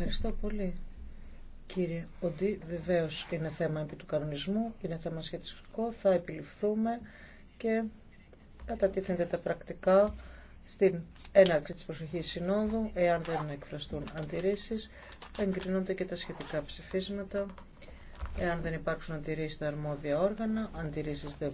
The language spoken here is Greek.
Ευχαριστώ πολύ. Κύριε Οντή, βεβαίω είναι θέμα επί του κανονισμού, είναι θέμα σχετικό, θα επιληφθούμε και κατατίθενται τα πρακτικά στην έναρξη της προσοχής συνόδου, εάν δεν εκφραστούν αντιρρήσεις, εγκρινούνται και τα σχετικά ψηφίσματα, εάν δεν υπάρξουν αντιρρήσεις στα αρμόδια όργανα, αντιρρήσεις δεν